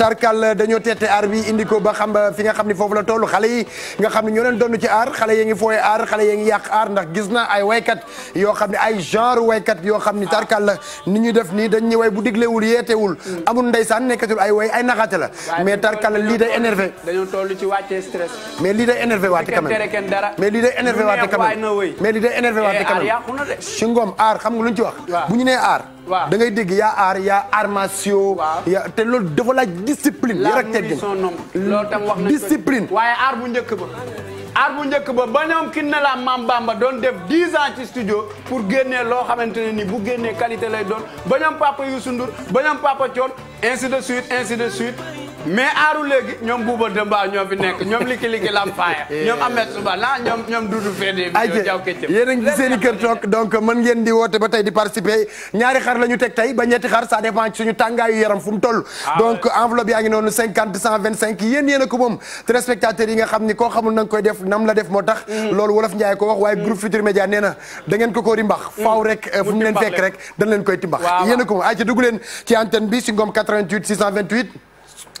tarkal dañoo teete aar bi indi ko ba xam fi nga xam ni foofu la toll xale yi nga xam ne ñoo leen donn ci aar xale yaa ngi fooye aar xale yaa ngi yàq aar ndax gis na ay waykat yoo xam ne ay genre waykat yoo xam ni tarkal la ni ñuy def nii dañ ñu way bu diglewul yeetewul amul ndeysaan nekkatul ay way ay naxaate la mais la lii day énervé dañoo toll ci wàccee stress mais lii day énervé waate quand mais lii day énervé waate eh, quand même ngoom aar xam nga lu ñu ci wax bu ñu nee aar da ngay dégg yaa aar yaa armation. yaa te loolu dafa laaj discipline. yar ak teggin loolu tam wax nañu discipline. waaye aar bu njëkk ba. aar bu njëkk ba ba ñoom kin na la maam Bamba doon def dix ans ci studio pour génne loo xamante ne ni bu génnee qualité lay doon ba ñoom papa Youssou Ndour ba ñoom papa Thione ainsi de suite ainsi de suite. mais aaru léegi ñoom Bouba Demba ñoo fi nekk ñoom Liki Liki Lampaaya eh. ñoom Ahmed Soubana ñoom ñoom Doudou Fede. ayca yéen a ngi seen i kër toog donc mën ngeen di woote ba tey di participer ñaari xar la ñu teg tey ba ñetti xar ça dépend ci suñu tàngaayu yaram fu toll. Ah donc enveloppe yaa ngi noonu cinquante cent vingt cinq yéen yéen a ko moom téléspectateurs yi nga xam ni ko xamul na nga koy def nam la def moo tax. Mm. loolu wolof Ndiaye ko wax waaye mm. groupe Futur Média nee na ko mm. eh, ko a ko moom ayca dugg leen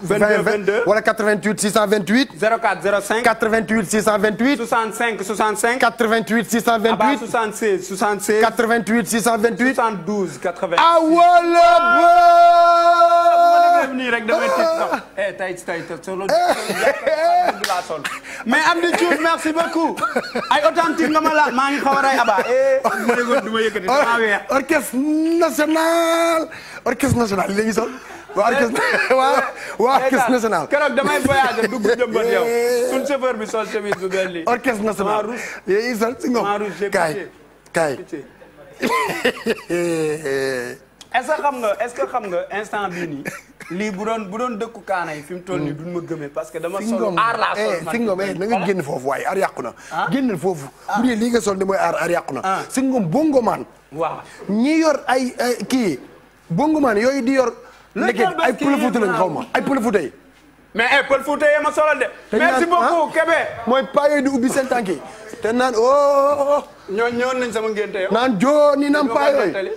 22 22 wala 88 628. 04 05 88 628. 65 65. 88 628. abaa 76 76. 88 628. 72 80. awala ba. nii rek damay tiit sax. Ah. Eh, tey tey tey mais Amdy Diouf merci beaucoup. ay authentique nga maa ngi xaw a rey Aba. Eh, ma waa orchestre waa waa orchestre national. keroog damay voyager dugg jëmbat yow. Eh, eh, eh. suñ chauffeur bi sol chemise bu mel nii. orchestre national yéen i sol si ngoom kaay kaay. est ce que xam nga instant bii nii lii bu doon bu doon dëkku kaana yi fi mu toll nii mm. duñ ma gëmee parce que dama. sol aar laa sol man si ngoom eh na nga ah. génn foofu waaye aar yàqu na. Ah. foofu. Ah. bu dee nga sol ni mooy aar aar yàqu na. si ngoom bongomaan. waaw ñi yor ay kii bongomaan yooyu di yor. léegi ay pël fuute lañ xaw ma ay pël fuute yi mais ay eh, pël fuute yi ma solal de. merci beaucoup ah, Kébé. mooy paa yooyu di ubbi seen tànk yi te naan oh. oh, oh, oh. ñooñu ñëwoon nañ sama ngénte naan joo ni naan paa yooyu.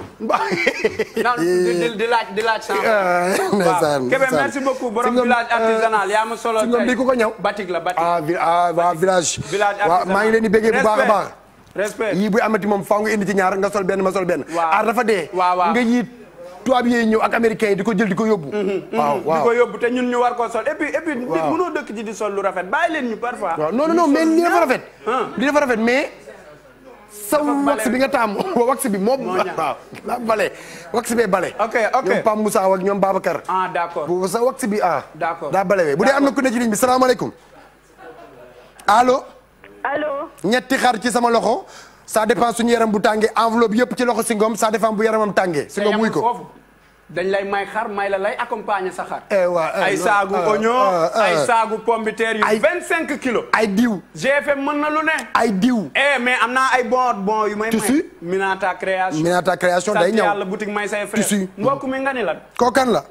naan di di laaj di laaj sànq. Ah, waaw Kébé merci beaucoup borom village euh, artisanal yaa ma solal tey bi ku ko ñëw. Batik la Batik ah, ah waa village. village artisanal maa ngi leen di béggee amati moom faaw nga indi ci ñaar nga sol benn ma sol benn. a ah dafa nga yii. tubaab yi ñëw ak américains yi di ko jël di ko yóbbu mm-hmm, mm-hmm. waaw waaw te ñun ñu war koo sol et puis et puis dëkk ci di sol lu rafet bàyyi leen ñu parfois waaw non non non mais li dafa rafet li dafa rafet mais saw wax bi nga taam wax bi moom waaw bale wax bee bale ok ok ñoom Pape Moussa ak ñoom Babacar ah d'accord bu sa wax bi ah d'accord daa bale wee bu dee am na ku ne ci bi salaamaaleykum allo ñetti xar ci sama loxo ça dépend suñu yaram bu tàngee enveloppe yëpp ci loxo Singom sa dépend bu yaramam tàngee. Singom muy ko dañ lay may xar may la lay accompagner sa xar. Eh eh, ay saagu eh, oignon ay saagu pomme de terre yu. ay vingt cinq kilos. ay diw. GFM mën na lu ne. ay diw. eh mais am na ay bon bon yu may. tissu Minata création. Minata création day ñëw yàlla boutique may say frère. tissu mbokk mi la ni lan. kookan la.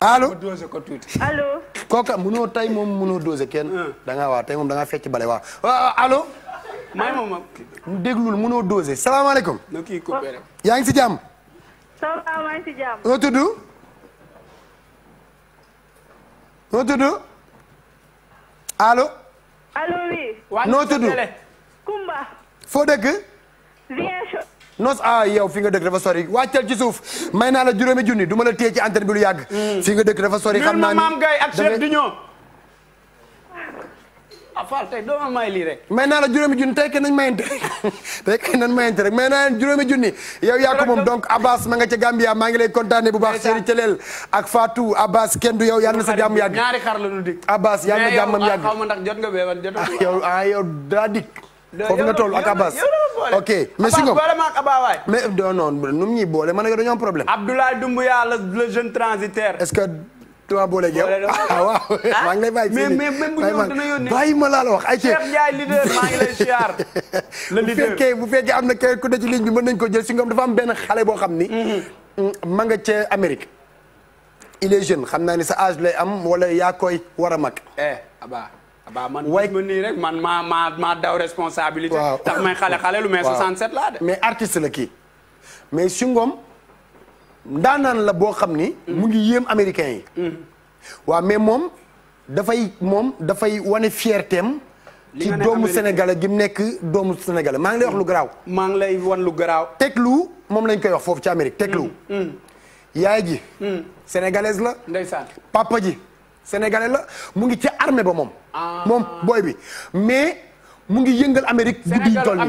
Ah. allo ma dosé ko tuuti. allo. tey moom mënoo dosé kenn. da ngaa waa da ngaa fecc bale waa ah, may ma ma. déglul mënoo dosé salaamaaleykum. na kii coupé yaa ngi si jàmm. ça va noo tudd. noo tudd. allo. allo noo tudd. Kumba. foo dëkk. Ziguinchor. noos ah yow fi nga dëkk dafa sori wàccal ci suuf may naa la juróomi junni du ma la téye ci antenne bi lu yàgg. Mm. fi nga dëkk dafa sori. xam naa ni maam Gaye ak chef d'union ah Fall tey ma may lii rek. may naa la juróomi junni tey kenn moom donc Abbas ma nga ca Gambia maa ngi lay kontaane bu baax. Seri Thelel ak Fatou Abbas kenn du yow yal na sa jàmm yàgg. ñaari xar la ñu dig. Abbas yal na jàmmam yàgg mais yow ah, xaw ma ndax nga beewal ah, ah, ak Abbas ok mais si nga mais non non boole man ak am problème. Abdoulaye Doumbouya le jeune transitaire. directement boole ak yow. waaw ah, maa ngi lay bàyyi. ma laa la wax. ay ceeb bu fekkee am na kenn ku ne ci ligne bi mën nañ ko jël si nga dafa am benn xale boo xam ni. Mhm. ma nga ca Amérique. il jeune xam naa ni sa âge lay am wala yaa koy war a mag. eh man. waay ma nii rek man daw responsabilité. waaw may xale xale lu mais 67 laa de. mais artiste la kii mais su naan la boo xam ni. Mm. mu ngi yéem américain yi. Mm. waa mais moom dafay moom dafay wane fiertéem ci doomu sénégalais gi mu nekk doomu sénégalais maa ngi lay wax lu garaaw. maa ngi lay wan lu garaaw. teklu moom lañ koy wax foofu ci Amérique teklu. Mm. yaay ji. sénégalaise la. ndeysaan papa ji sénégalais la mu ngi ci armée ba moom. Ah. moom booy bi mais. mu ngi yëngal Amérique guddi ñu toll la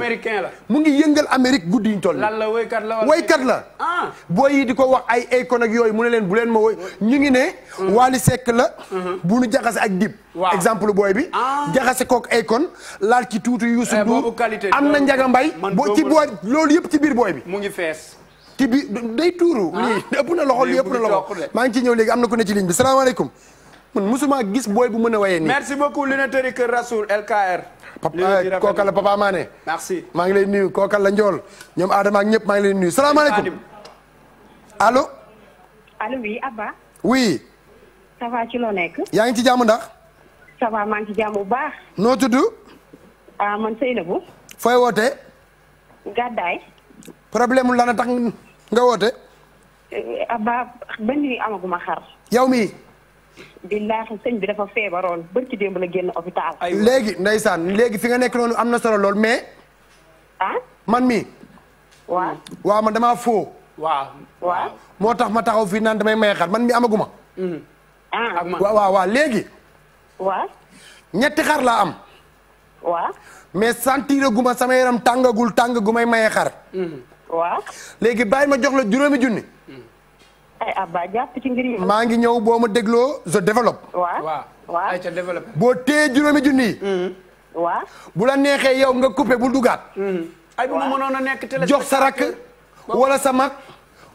mu ngi yëngal Amérique guddi ñu toll lan la woykat la woykat la ah. boo di ko wax ay école ak yooyu mu ne leen bu leen ma woy ñu ngi ne mm. Wally Seck la mm-hmm. bu nu jaxase ak dib exemple booy bi ah. jaxase kook école laal ci tuuti Youssou eh, Ndour am na Njaga Mbay boo ci booy loolu yëpp ci biir booy bi mu ngi fees ci biir day tuuru ah. lii ëpp na loxo lii ëpp na maa ngi ci ñëw léegi am na ku ne ci ligne bi salaamaaleykum man mosuma gis booy bu mën a wayee nii merci beaucoup lunateur Kër Rasoul LKR papa eh, kooka la papa Mané. merci maa ngi lay nuyu kooka la Ndiol ñoom Adama ak ñëpp maa ngi lay nuyu salaamaaleykum. allo. allo oui Abba. oui. loo nekk. yaa ngi ci jàmm ndax. ça maa ngi ci jàmm bu baax. noo tudd. ah man fooy wootee. gàddaay. problème mu lan a tax nga woote. Eh, Abba benn amaguma xar. yow mii. billaahi sëñ bi dafa feebaroon barki démb la génn hôpital. léegi ndeysaan léegi fi nga nekk noonu am na solo lool mais. Ah? man mi waaw ma dama damaa foo. waaw moo tax ma taxaw fii naan damay maye xar man mi amaguma. Mm-hmm. ah ak man waaw waaw léegi. waaw. ñetti xar laa am. waaw. mais sentir guma sama yaram tàngagul tàng gu may maye xar. Mm-hmm. waaw. léegi bàyyi ma jox la juróomi junni. Mm-hmm. ay eh, abba ah, maa ngi ñëw boo ma dégloo je développe. waaw waaw ay boo téye juróomi junni yi. Hmm. waaw bu la neexee yow nga coupé bul dugaat. Hmm. ay bu mu nekk télé. jox sa rakk wala sa mag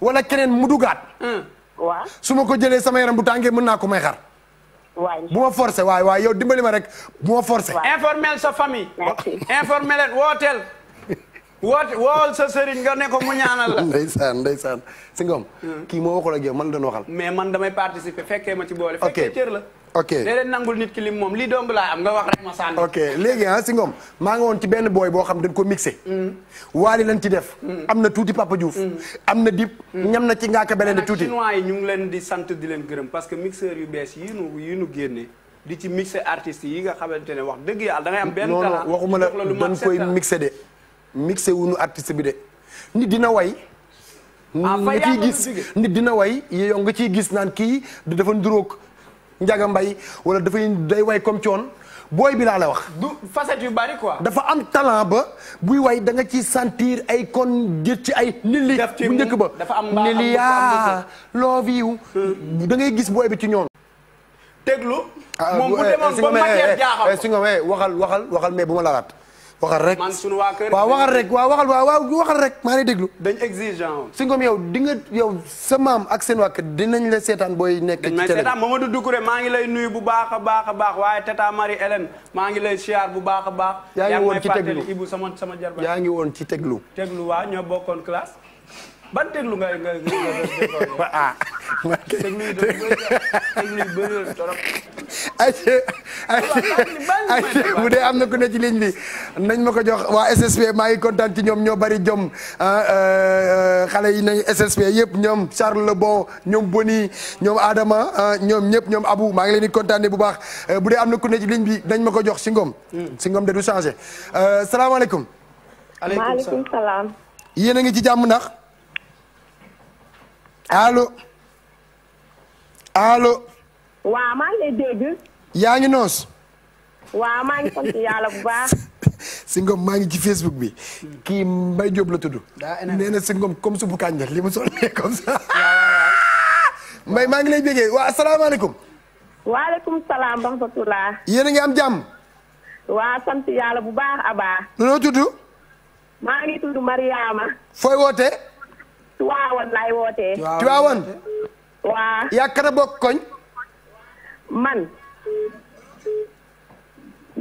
wala keneen mu dugaat. Hmm. waaw su ma ko jëlee sama yaram bu tàngee mën naa ko may xar. waay bu waaye forcé waay waay yow dimbali ma rek bu ma forcé. informel sa famille. merci informel wooteel. woote wool sa sëriñ nga ne ko mu ñaanal la. ndeysaan ndeysaan si ngoom. Hmm. kii moo waxul ak yow man doon waxal. mais man damay participer fekkee ma ci boole. ok fekkee cër la. ok léeg nangul nit ki lim moom lii doom laa am nga wax rek ma sànni. ok léegi ah si ngoom maa ngi woon ci benn booy boo xam dañ ko mixé. Hmm. waali lañ ci def. Hmm. am na tuuti Papa Diouf. am na dip ñam na ci ngaaka beneen di tuuti. chinois ñu ngi leen di sant di leen gërëm parce que mixeur yu bees yi nu yi nu génnee. di ci mixé artistes yi nga xamante ne wax dëgg yàlla da am benn talent waxuma la dañ koy mixé mixé wuñu artiste bi de nit dina way. Ah, nga ciy gis nit dina way yow nga ciy gis naan kii dafa nduróog Njaga Mbay wala dafay day way comme coon booy bi laa la wax. du facette yu bari quoi. dafa am talent ba buy way da nga ci sentir ay kon jër ci ay. nili bu njëkk ba dafa am nili yaa loo viiw da ngay gis booy bi ci ñoon teglu. Ah, moom bu eh, eh, demoon ba matière eh, jaaxal waxal waxal waxal mais bu ma lalaat waxal rek wa sunu waa kër. waaw waxal rek waaw waxal waaw waxal rek maa ngi déglu. dañ exigeant. su ngoom yow di nga yow sa maam ak seen waa kër dinañ la seetaan booy nekk. ci télé dañ may seetaan maa ngi lay nuyu bu baax baax a baax waaye Tata Marie Hélène maa ngi lay siyaar bu baax a baax. yaa ngi woon ci teglu yaa ngi woon ci teglu. teglu waaw ñoo bokkoon classe. ban déglu ngay ngay ngay bu dee am na ku ne ci bi nañ ma ko jox waa SSP maa ngi kontaan ci ñoom ñoo bari jom ah, euh, xale yi nañ SSP yëpp ñoom Charles Lebon ñoom Boni ñoom Adama ah, ñoom ñëpp ñoom abu maa ngi leen di kontaanee bu baax euh, bu dee am na ku ne ci ligne bi nañ ma ko jox si ngoom. Hmm. si ngoom de du changé euh, salaamaaleykum. maaleykum salaam. yéen ngi ci jàmm ndax. allo allo. waaw maa ngi lay yaa ngi noos. waa maa ngi sant yàlla bu baax. Singom maa ngi ci Facebook bi. kii Mbaye Diop la tudd. nee na Singom comme subu kànja li mu sonné comme ça. Mbaye maa ngi lay déggee waa asalaamaaleykum. waaleykum salaam wa rahmatulah. yéen a ngi am jàmm. waa sant yàlla bu baax Aba. noo tudd. maa ngi tudd Mariama. fooy wootee. Tiwaawan laay wootee. Tiwaawan. waa. yaa kana bokk koñ. man.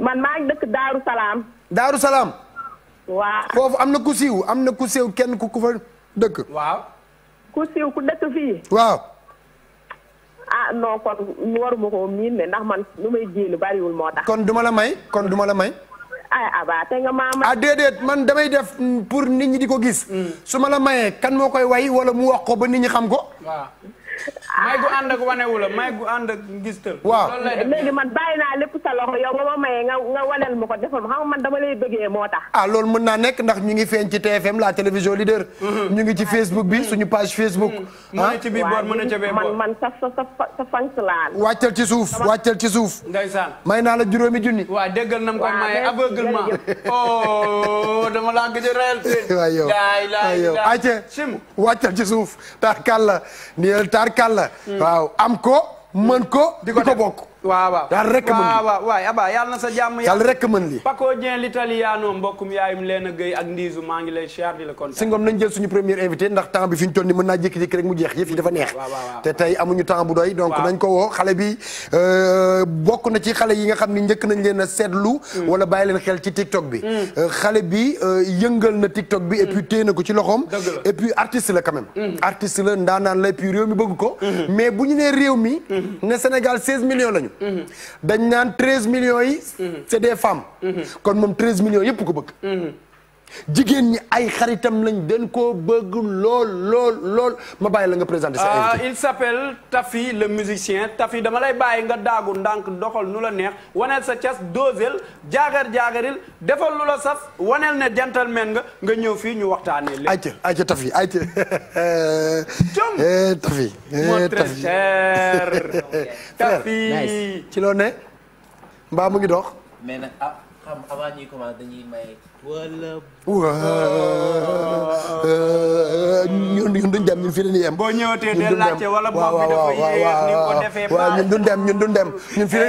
man maa ngi dëkk Daaru Salaam. Daaru Salaam. foofu am na ku siiw am na ku siiw kenn ku ku fa dëkk. waaw. ku siiw ku dëkk fii. waaw. ah non kon waruma ko miin ne ndax man lu may ji lu bariwul moo tax. kon duma la may kon duma la may. ah abaa ah, te nga ah déedéet man damay def pour nit ñi di ko gis. Hmm. su ma la mayee kan moo koy way wala mu wax ko ba nit ñi xam ko. may gu ànd ak wane wu la may gu ànd ak ngistal. waaw léegi man bàyyi naa lépp sa loxo ma maye nga nga waneel ma ko defal ma xam man dama lay bëggee moo tax. ah loolu mën naa nekk ndax ñu ngi feeñ ci TFM la télévision leader. Mm-hmm. ñu ngi ci Facebook bi mm-hmm. suñu page Facebook. Mm-hmm. ah ci biir boor mën na ca bee boor man man sa sa sa fan laa. wàccal ci suuf wàccal ci suuf. ndeysaan may naa la juróomi junni. waaw déggal na mu ko maye aveuglement. oh a réel. waaw yow tubaarkàlla hmm. waaw am ko mën ko di ko bokk waaw waaw yàlla rek mën lii waaw waay aba yàlla na sa yàlla rek mën lii Paco Dieng l'italiano mbokkum yaayum Leena Gueye ak Ndiisu maa ngi lay siyaar di la kontaan nañ jël suñu premier invité ndax temps bi fi ñu toll nii mën naa jékki-jékki rek mu jeex yëf yi neex te tey amuñu temps bu doy donc nañ ko woo xale bi euh, bokk na ci xale yi nga xam ni njëkk nañ leen a seetlu hmm. wala bàyyi leen xel ci TikTok bi hmm. euh, xale bi euh, yëngal na TikTok bi et puis hmm. téye na ko ci loxoom et puis artiste la quand même artiste la ndaanaan la et puis réew mi bëgg ko mais bu ñu nee réew mi ne Sénégal 16 millions lañu bëgg. dañ naan treize millions yi. c'est des femmes. Mm-hmm. kon moom treize millions yëpp ko bëgg. Mm-hmm. jigéen ñi ay xaritam lañ dañ koo bëgg lool lool lool ma bàyyi la nga présenter sa ah, invité. il s'appelle Tafi le musicien Tafi dama lay bàyyi nga daagu ndànk doxal nu la neex waneel sa cas dosel jaagar jaagaril defal lu la saf waneel ne gentleman nga nga ñëw fii ñu waxtaanee lépp. ayca ayca Tafi ayca. jom eh, Tafi. Eh, Tafi. ci loo ne mbaa ngi dox. xam avant ñuy commencer dañuy may. wala. ñun ñun duñ dem ñun fii la yem. boo ñëwatee de laajte wala bopp bi dafa ñun duñ dem ñun duñ dem ñun fii la.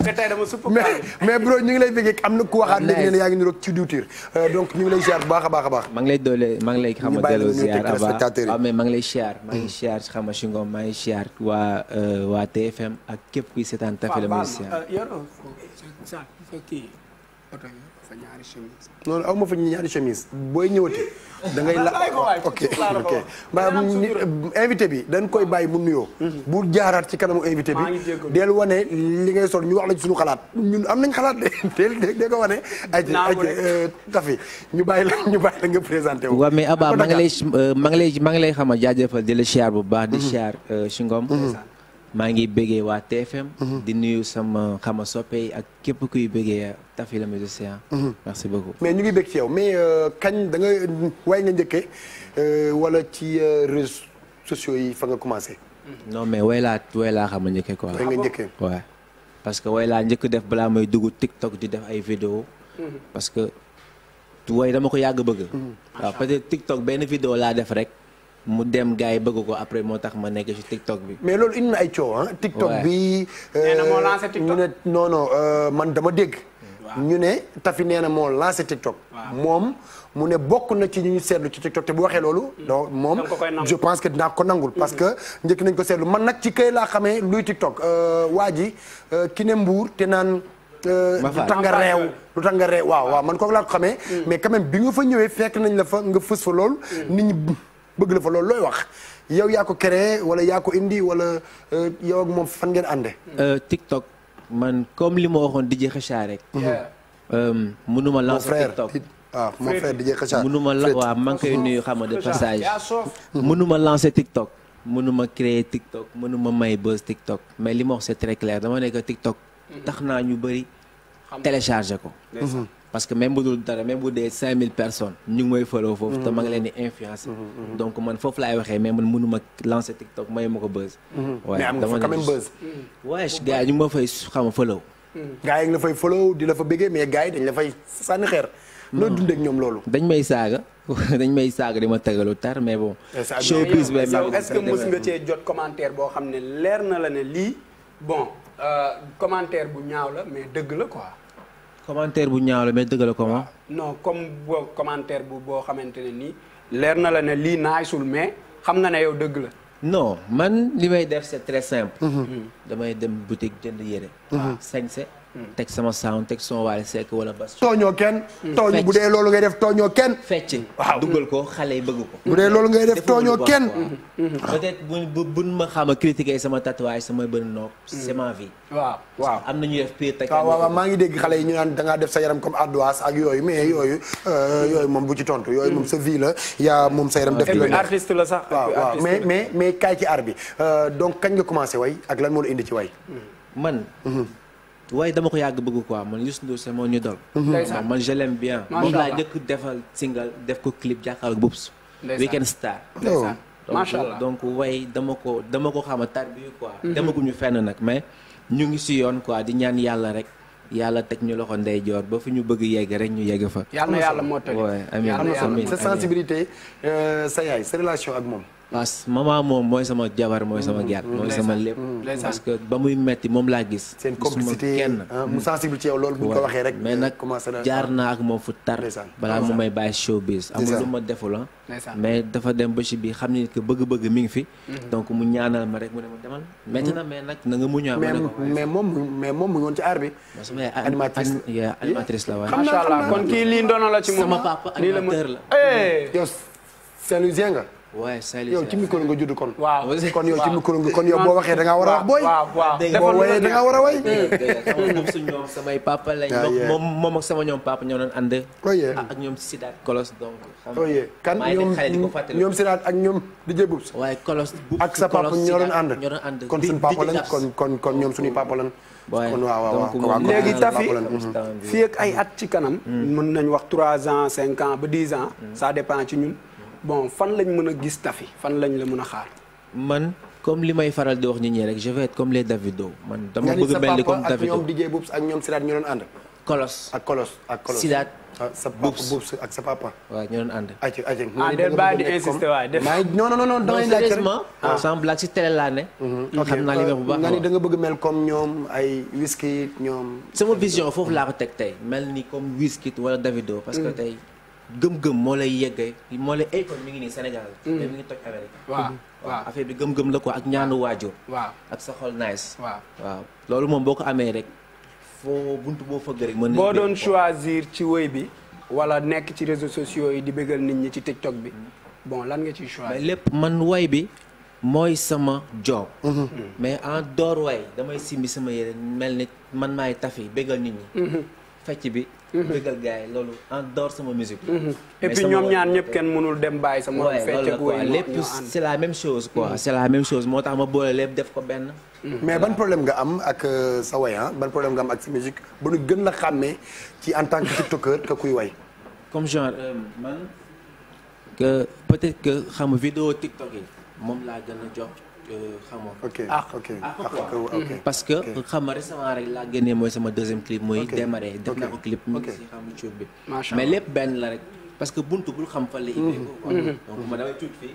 Eh, te mais mais bro ñu ngi lay bëgg am na ku waxaat léegi ne yaa ngi niroog ci diwtiir euh, donc ñu ngi lay ziar bu baax a baax a baax. maa ngi lay doole maa ngi lay xam nga delloo ziar waaw mais maa ngi lay ziar. maa ngi ziar xam nga Shingo maa ngi ziar waa euh, waa TFM ak képp kuy seetaan Tafel musicien sa kii oto yi ñaari chemise. booy ñëwati. da ngay la ok ok euh, invité bi dañ koy bàyyi mu nuyoo. Mhm. bu jaaraat ci kanamu invité bi. del wane li ngay sol ñu wax la suñu xalaat. ñun am nañ xalaat de ko wane. ay ay euh, tafi ñu bàyyi la ñu bàyyi la nga wu. waaw mais Abba maa lay euh, maa ngi lay maa ngi lay xama jaajëfal di la siyaar bu baax. di mhm. siyaar Shingom. Mhm. maa ngi bëggee waa TFM. Mhm. di nuyu sama xama soppe ak képp kuy bëggee Tafy le musicien. Mhm. merci beaucoup. mais ñu ngi bëgg ci yow mais euh, kañ da nga waaye nga njëkkee euh, wala ci euh, réseaux sociaux yi fa nga commencé. Mhm. non mais way laa way laa xam a njëkkee quoi. way nga njëkkee waaw. parce que way laa njëkk def balaa may dugg TikTok di def ay vidéo parce que way dama ko yàgg bëgg. waaw peut-être TikTok benn vidéo laa def rek. mu dem gars yi bëgg ko après moo tax ma nekk ci TikTok bi. mais loolu indi na ay coow ah. TikTok bi. nee na moo lancé euh, ñu ne non euh, man dama dégg. ñu ne Tafi nee na moo lancé TikTok. moom mu ne bokk na ci ñu ñu seetlu ci TikTok te bu waxee loolu. Mm. donc moom je pense que dina ko nangul. parce mm. que njëkk nañ ko seetlu man nag ci kay laa xamee luy TikTok. Euh, waa ji ki ne mbuur te naan. ma lu tax nga reew lu tax reew waaw waaw man kooku laa ko xamee. Mm. mais quand bi ñu fa ñëwee fekk nañ la fa nga fës fa loolu. nit ñi. bëgg la fa loolu looy wax yow yaa ko créé wala yaa ko indi wala euh, yow moom fan ngeen ànde euh, TikTok man comme li ma waxoon DJ Kheucha rek. Mm-hmm. Euh, mënuma lancer TikTok ah mon frère DJ Kheucha mënuma la waaw maa ngi koy nuyu xam nga de passage. Mm-hmm. mënuma lancer TikTok. mënuma créer TikTok mënuma may buzz TikTok mais li ma wax c'est très clair dama nekk TikTok. Mm-hmm. tax naa ñu bëri télécharger ko. parce que même bu dul dara même bu dee 5000 personnes ñu ngi mooy follow foofu te ma leen di mm-hmm, mm-hmm, mm-hmm. donc man foofu laay waxee mais man mënuma lancer TikTok may ma ko buzz waaye am nga fa quand même ma fay xama follow gars yi la fay follow di la fa bëggee mais gars yi dañ la fay sànni xeer noo dund ak ñoom loolu dañ may saaga dañ may saaga di ma tagalu tar mais bon showbiz bi est-ce que mos nga cee jot commentaire boo xam ne leer na la ne lii bon euh, commentaire bu ñaaw la mais dëgg la quoi commentaire bu ñaaw la mais dëgg la comment. non comme boo commentaire bu boo xamante ne nii leer na la ne lii naaysul mais xam nga ne yow dëgg la. non man li may def c'est très simple. Mhm. Mhm. damay dem boutique jënd yére. Mhm. sañse Hmm. teg sama sound teg sama Wally Seck wala bas. tooñoo kenn. Hmm. tooñ bu dee loolu ngay def tooñoo kenn. fecc waaw dugal ko xale yi bëgg ko. bu dee loolu ngay def tooñoo kenn. Hmm. peut bu buñ ma xam a critiquer sama tatouage sama bën nopp. c'est ma vie. waaw na ñuy def maa ngi dégg xale yi ñu naan da ngaa def sa yaram comme ardoise ak yooyu mais yooyu euh, yooyu bu ci tontu. yooyu moom sa vie la yaa moom sa yaram. Ah, def ci artiste la sax. waaw mais mais mais kaay ci art bi euh, donc kañ nga commencé way ak lan moo la indi ci way man. waaye dama ko yàgg bëgg quoi man Youssou Ndour c'est mon ñu dol man je l'aime bien moom laa njëkk defal single def ko clip jàkkaarloo Boubs Weekend Star macha allah donc way dama ko dama ko xam a tarbi quoi mhm. demaguñu fenn nag mais ñu ngi si yoon quoi di ñaan yàlla rek yàlla teg ñu loxo ndeyjoor ba fi ñu bëgg yegg rek ñu yegg fa yàlla na yàlla moo tali amiin sa sensibilité euh, sa yaay sa relation ak moom parce que moom mooy sama jabar mooy sama mm, gerte. mooy sama lépp mm, parce que ba muy metti moom laa gis. seen complicité kenn mu mm. sensible ci yow loolu bu ñu ko waxee rek. mais nag jaar naa ak moom fu tar. balaa mu may bàyyi showbiz. amul lu ma deful mais dafa dem ba ci bi xam ni bëgg-bëgg mi ngi fi. Mm-hmm. donc mu ñaanal ma rek mu ne demal. mais nag na nga muñu am. mais moom mais moom mu ci aar bi. animatrice animatrice la waaye. macha allah kon kii lii ndono la ci moom sama ah? papa la. Eh! yow Saint-Louisien nga. waaw Saly yow ci micro nga judd kon. waaw kon yow ci micro nga kon yow boo waxee da ngaa war a wax booy. waaw waaw boo wooyee da ngaa war a way. moom suñu ñoom samay papa lañ. moom moom ak sama ñoom papa ñoo doon ànd. ooyee ah, ak ñoom Sidaat Kolos donc. ooyee kan ñoom ñoom Sidaat ak ñoom di jébub. waaye Kolos ak sa papa ñoo doon ànd. ñoo doon ànd kon suñu papa lañ kon kon kon ñoom suñuy papa lañ. kon waaw waaw waaw léegi tafi fii ak ay at ci kanam. Hmm. mën nañ wax trois ans cinq ans ba dix ans hmm. ça dépend ci ñun bon fan lañ mën a gis Tafi fan lañ la mun a xaar. man comme li may faral di wax nit ñi rek je comme les Davido man dama bëgg mel ni comme Davido ak doon ànd. Kolos ak Kolos ah, sa papa Boubs ak sa papa. waaw ñu ànd. ayca ayca ah del baa di insister waay def non non non damay ah. mhm. da nga bëgg mel comme ñoom ay Wizkid ñoom. sama vision foofu laa ko teg tey mel ni comme Wizkid wala Davido parce que mm. tey. gëm-gëm moo lay yeggee moo lay ay eh, kon mu ngi nii Sénégal. Mm. mais mi ngi toj Amérique. waaw mm-hmm. bi gëm-gëm la ko ak ñaanu waajur. waaw ak sa xol nice. waaw loolu moom boo ko amee rek. foo buntu boo fëgg rek. mën doon choisir ci wéy bi. wala nekk ci réseaux sociaux yi di bëggal nit ñi ci TikTok bi. Mm-hmm. bon lan nga ciy choisir. lépp man woy bi. mooy sama job. Mm-hmm. mais en dehors way damay simbi sama yére mel ni man maay tafi bëggal nit ñi. fecc bi. bëggal mhm. gars yi loolu en dehors sama musique. Mhm. et ñoom ñaar ñëpp kenn mënul dem bàyyi sama. fecc ak lépp c' est la même chose quoi mhm. c' la même chose moo tax ma boole lépp def ko benn. mais ban problème nga am ak euh, sa way ah ban problème nga am ak sa musique ba nu gën la xàmmee ci en tant que tiktoker ka kuy way. comme genre euh, man. peut-être que xam vidéo tiktok yi moom laa gën a jox. xamoo. ok ah, ah, ah, mhm. ok parce que xam nga récemment rek laa génnee mooy sama deuxième clip mooy démarré def ko clip mu xam YouTube bi mais lép benn la rek parce que buntu bul xam fan la mhm, indee ko mhm. donc ma damay tuut fii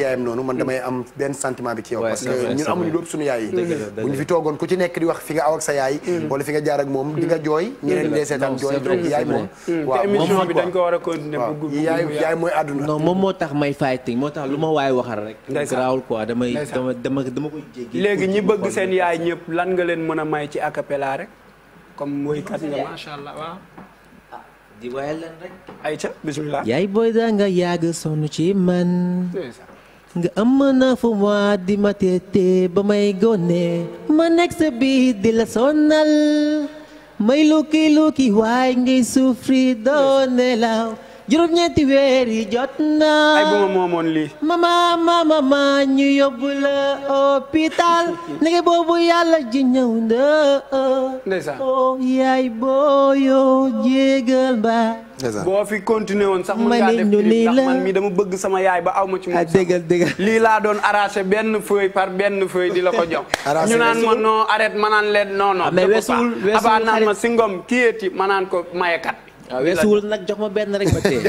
ci yaayam noonu man mm. damay am benn sentiment bi ci yow parce que ñun amuñu lu ëpp suñu yaay yi bu ñu fi toogoon ku ci nekk di wax fi nga aw ak sa yaay mm. wala fi nga jaar moom di nga mm. jooy ñeneen dee seetaan jooy yaay bi dañ ko war a continuer yaay yaay mooy àdduna non moom moo tax may fighting moo tax lu ma waay waxal rek garaawul quoi damay dama dama dama ko léegi ñi bëgg seen yaay ñëpp lan nga leen mën a may ci acapella rek ah, yaay booy da nga yàgg sonn ci man. nga am na fu ma di ma téete ba may gone ma nekk sa biir di la sonal may lukki lukki waaye ngay souffrir doone law juróom ñeenti weer yi jot na ay ma moomoon lii mama mama ñu yóbbu la hôpital léegi boobu yàlla ji ñëw na ndeysaan o oh, yaay booyo jégal ba boo fi continuer woon sax mën ngaa def lii ndax mi dama bëgg sama yaay ba aw ma ci moom ah, lii laa doon arraché benn feuille par benn feuille di la ko jox ñu naan ma non arrête ma naan leen non non ah, mais weesuwul weesuwul abaa naan ma singom kiyeeti ma naan ko mayekat Ah weesuwul nag jox ma benn rek ba tee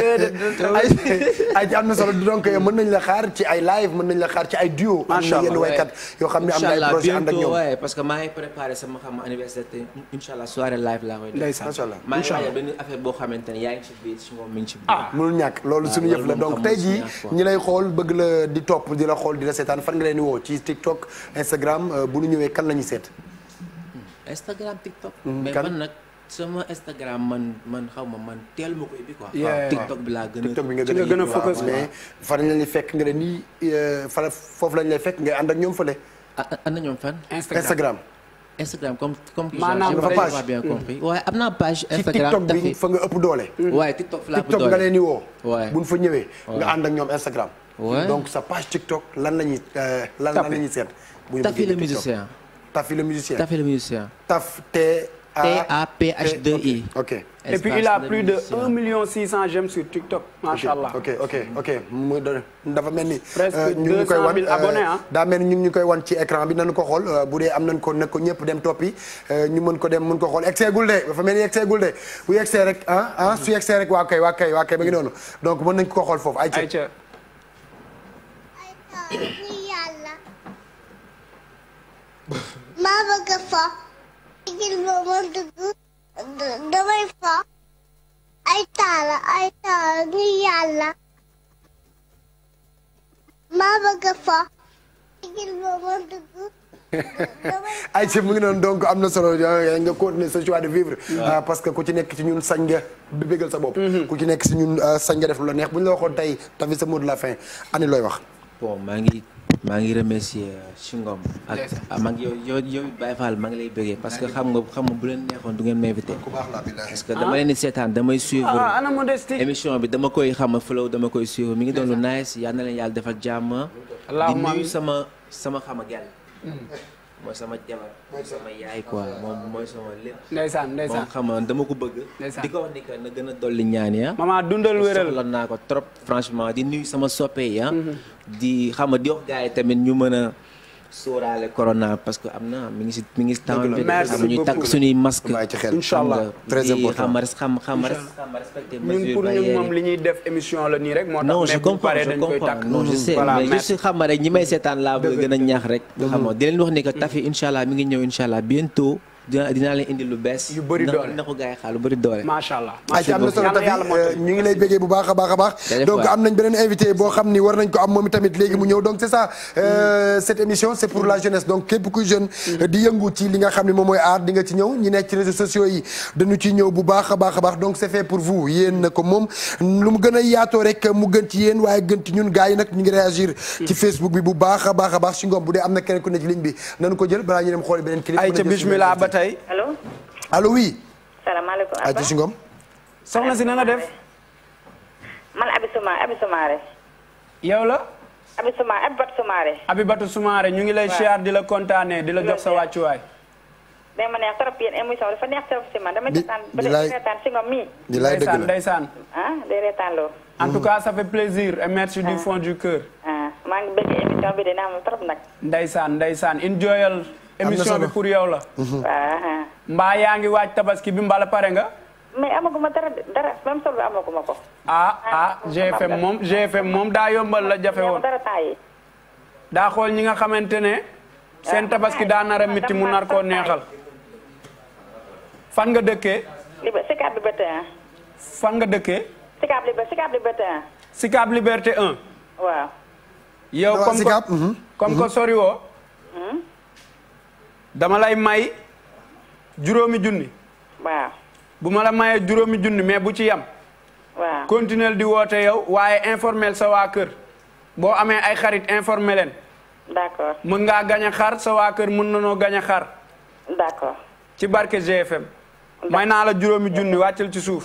ay ci am na solo donc eh, mën nañ la xaar ci ay live mën nañ la xaar ci ay duo am na yenn waykat yoo xam ne am na ay projet ànd ak ñoom waaye parce que maa ngi préparé sama xam anniversaire te incha allah soirée live ne yaa ngi ci ah, ah, loolu suñu yëf la donc tey jii ñi lay xool bëgg la di topp di la xool di la seetaan fan nga leen di woo ci TikTok Instagram euh, bu ñu ñëwee kan la ñu seet Instagram TikTok hmm, mais man sama Instagram man man xaw ma man teel ma koy bi a. a a focus fekk nga euh, foofu lañ lay fekk nga ànd ak ñoom fële. ànd ak ñoom fan. Instagram. Instagram comme comme maanaam dafa page j'ai bien mm. am naa page Instagram bi nga ëpp doole. waaye mm. TikTok fa la ëpp doole TikTok nga leen di woo. waaye bu ñu fa ñëwee. nga ànd ak ñoom Instagram. donc sa page TikTok lan la ñuy euh, lan lan la ñuy seet. bu ñu Tafi le musicien. Tafi le musicien. Taf te. TAPHDI. ok et puis il a plus de 1 million 600 j'aime sur TikTok. macha allah ok ok ok mu dafa mel ni. presque 200 000 abonnés ah daa mel ni ñu ngi koy wan ci écran bi nu ko xool bu dee am na ko nekk ko ñëpp dem toppi ñu mën ko dem mën ko xool egseegul de dafa mel ni egseegul de bu egsee rek ah ah su egsee rek waa kay waa kay waa kay ba ngi noonu donc mën nañu ko xool foofu ay ayca. maa bëgg fo. Tigil mo man dugo. Damay fa. Ay tala, ay tala ni yàlla. maa bëgg fa. Tigil mo man dugo. ay ci mu ngi noonu donc am na solo nga continuer sa choix de vivre mm-hmm. ah, parce que ku ci nekk ci ñun sañ nga bégal sa bopp mm-hmm. ku ci nekk ci ñun ah, sañ nga def lu la neex bu ñu la waxoon tey tamit sa mot de la fin ani looy wax maa ngi remercier euh, Chingom ak ah, maa ngi yow yow Baye lay bëggee parce que xam nga xam nga bu leen neexoon du ngeen m'invité parce que dama leen di seetaan damay suivre ah, ah, émission bi dama koy xam flow dama koy suivre mi ngi doon lu nice yal na leen yàlla defal jàmm di nuyu sama sama xam a mm. mooy sama jabar mooy sama yaay quoi moom sama lépp. moom xam nga dama ko bëgg. di ko wax ni que na gën a dolli ñaan ya. maman dundal wéral naa ko trop franchement di nuyu sama soppe ya mm-hmm. di xam nga di wax gars yi tamit ñu mën a sóoraale corona parce que am na mi ngi si mi ngi si temps bi ñuy takk suñuy masque incha allah très important xam xam xam respecté mesure pour def émission la nii rek moo tax non je comprends je comprends non a ñaax rek xam nga di leen wax ni mi ngi ñëw incha allah bientôt dina dinaa leen indi lu bees. yu bëri doole na ko doole. macha allah macha allah am na solo tamit ñu ngi lay béggee bu baax a baax a baax. donc am nañ beneen invité boo xam ni war nañ ko am moom tamit léegi mu ñëw donc c' est ça. Euh, mm. cette émission c' pour la jeunesse donc képp kuy jeune. Mm. di yëngu ci li nga xam ne moom mooy aar di nga ci ñëw ñi nekk ci réseaux sociaux yi dañu ci ñëw bu baax a baax a baax donc c' fait pour vous yéen ko moom lu mu gën a yaatoo rek mu gën ci ñun gars yi nag ñu ngi réagir. Mm. ci Facebook baax a a baax si ngoom bu dee am tey. allo. allo oui. salaamaaleykum Abba Aïcha Ngom. soxna si na def. man Abi Soumaré Abi Soumaré. yow la. Abi Soumaré Abibatu Soumaré. Abibatu Soumaré ñu ngi lay. waaw siyaar di la kontaanee di la jox sa wàccuwaay. day ma neex trop yéen émission dafa neex trop si man damay si moom mii. di laay ah, day reetaan en tout mm. cas sa fait plaisir et merci du ah. fond du cœur. ah maa ngi bëgg émission bi nag. ndeysaan ndeysaan émission bi pour yow la. Mhm. Ah. mbaa yaa ngi waaj tabaski bi mbala pare nga. mais amaguma dara dara même sol bi amaguma ko. ah ah, ah GFM moom GFM moom daa yombal la jafe woon. daa xool ñi nga xamante ne. seen ah. tabaski daa nar a miti mu nar koo neexal. fan nga dëkkee. Sicap Liberté 1. fan nga dëkkee. Sicap Liberté 1. Sicap Liberté 1. waaw. yow comme que mhm. comme que mhm. sori woo. dama lay may juróomi junni. bu ma la mayee juróomi junni mais bu ci yam. waaw continuer di woote yow waaye informel sa waa kër boo amee ay xarit informé leen. d'accord mën ngaa gañ a xar sa waa kër mën na noo gañ a xar. d'accord ci barke GFM. may naa la juróomi junni wàccal ci suuf.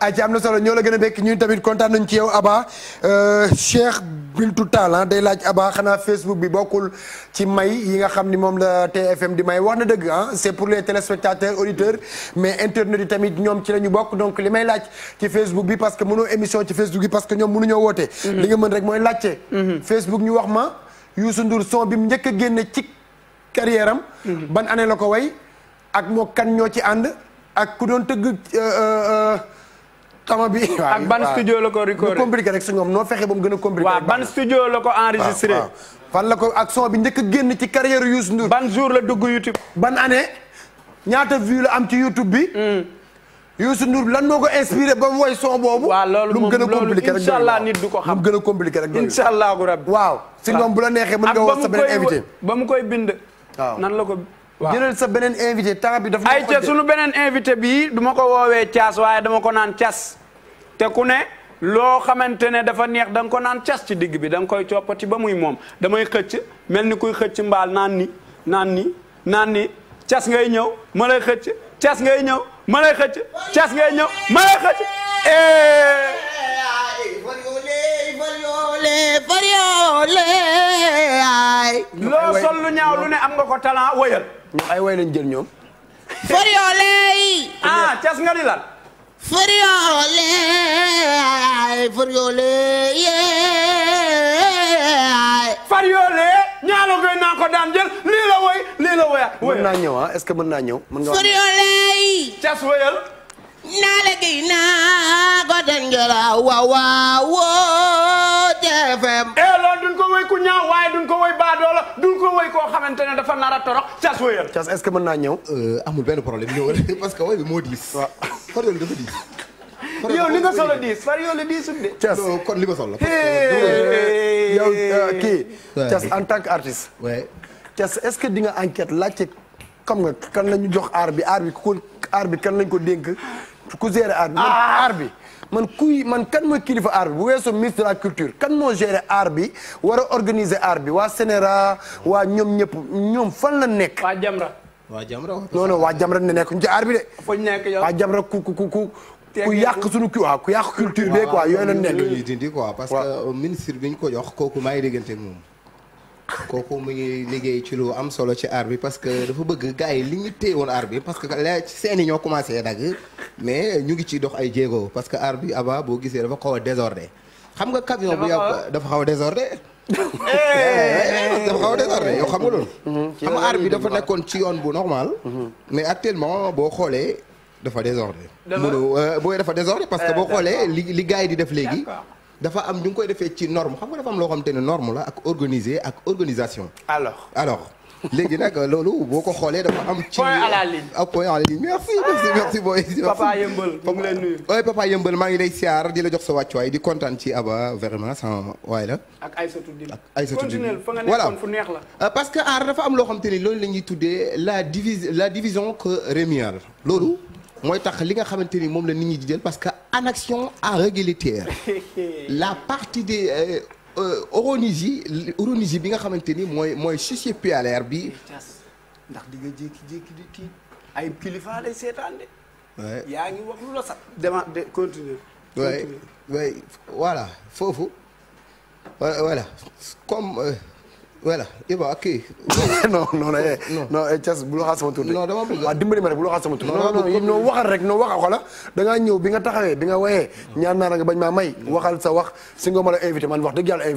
ay ci am na solo ñoo la gën a bekk ñun tamit kontaan nañ ci yow Aba euh, Cheikh. Bintu Talla day laaj Aba xanaa Facebook bi bokkul ci may yi nga xam ni moom la TFM di may wax na dëgg ah c'est pour les téléspectateurs auditeurs mais internet yi tamit ñoom ci la ñu bokk donc li may laaj ci Facebook bi parce que mënoo émission ci Facebook bi parce que ñoom mënuñoo woote. Mhm. li nga mën rek mooy laajte. Mhm. Facebook ñu wax ma Youssou Ndour son bi mu njëkk a génne ci carrière am. Mhm. ban année la ko way ak moo kan ñoo ci ànd ak ku doon tëgg. Euh, euh, euh, tama bi ak ban studio la ko recordé compliqué rek si noo fexe ba mu gën a compliqué waaw ban studio la ko enregistré fan ko ak son bi njëkk génn ci carrière Youssou Ndour ban jour la dugg YouTube ban année ñaata vue am ci YouTube bi hmm. Youssou Ndour lan moo ko inspiré ba mu woy son boobu waaw loolu lu mu gën a compliqué rek incha allah ko xam lu mu gën a compliqué rek incha allahu rabbi waaw la neexee mën nga wax sa beneen invité ba mu koy bind waaw nan la ko waaw jëlal sa beneen invité temps bi dafa. ay ca sunu beneen invité bii duma ko woowee Thiass waaye dama ko naan cas te ku ne loo xamante ne dafa neex danga ko naan cas ci digg bi danga koy coppati ba muy moom damay xëcc mel ni kuy xëcc mbaal naan ni naan ni naan ni Thiass ngay ñëw ma xëcc cas ngay ñëw ma lay xëcc Thiass ngay ñëw ma loo sol lu ñaaw lu ne am nga ko talent woyal ñoom ay woy jël ñoom fari ole ah cas nga lan fari ole ay fari ole fari ole naa ko daan jël lii la woy lii la woya ah, mën naa ñëw cas woyal naa la naa ko daan jël waaw waaw FM. eh loolu duñ ko woy ku ñaaw waaye duñ woy baadoola duñ woy koo xamante ne dafa nar a torox Thiass wëyal. Thiass mën naa ñëw. Euh, amul benn problème ñëwal parce que woy moo diis. waaw par yoon dafa diis. yow li nga solo diis de. Thiass kon li ma solo. yow euh, euh, kii Thiass en tant que artiste. oui Thiass est-ce que di nga enquête laajte xam nga kan la ñu jox aar bi aar bi ku aar bi kan lañ ko dénk ku gérer aar ah. man kuy man kan mooy kilifa art bu weesoo ministre de la culture kan moo gérer art bi war a organiser bi waa Sénéra waa ñoom ñëpp ñoom fan la nekk. waa Jamra. waa Jamra non non waa Jamra ne nekk ñu ci art de. nekk yow waa Jamra ku ku ku. ku yàq suñu ku waaw ku yàq culture bi quoi yooyu la nekk. parce que euh, ministre bi ko jox kooku maa ngi dégganteeg moom. kooku mu ngi liggéey ci lu am solo ci aar bi parce que dafa bëgg gars yi li ñu téye woon aar bi parce que la ci seen ñoo commencé dagg mais ñu ngi ciy dox ay jéego parce que aar bi avant boo gisee dafa kow a désordre xam nga camion bu yàpp dafa dafa xaw a désordre yow eh, eh, eh, xam nga loolu xam nga aar bi dafa nekkoon ci yoon bu normal mhm. mais actuellement boo xoolee dafa désordre mënu euh, booy dafa désordre parce que boo xoolee li li gars di def léegi dafa am ñu ngi koy defee ci norme xam nga dafa am loo xamante ne norme la ak organisé ak organisation. alors alors léegi nag loolu boo ko xoolee dafa am. ci point à la ligne ah point à la ligne merci merci merci booy. papa ngi lay nuyu. oui papa Yëmbal maa ngi lay siyaar di la jox sa wàccuwaay di kontaan ci Aba vraiment sama waaye la. ak Aïssatou Dine ak Aïssatou Dine fa nga nekkoon fu neex la. Euh, parce que aar dafa am loo xamante ni loolu la ñuy tuddee la divise la division que rémial loolu. mooy tax li nga xamante ni moom la nit ñi di jël parce que Anaxion a réglé la partie des Euronisie euh, euh, Euronisie bi nga xamante ni mooy mooy sociopulaire bi. ndax di nga jékki-jékki di tiit ay kilifa lay seetaan de. yaa ngi wax sax. dama de voilà foofu voilà comme. Euh, voilà Iba ak kii. non non non eh, non eh, Thiès bu la xaar sama tur de. non dama bëgg waaw ah, dimbali ma rek bu la sama tur. non non rek non waxal xoola da ñëw bi nga taxawee di nga ñaar naa nga bañ maa may. waxal sa wax si nga ma la invité man wax dëgg ah, rek.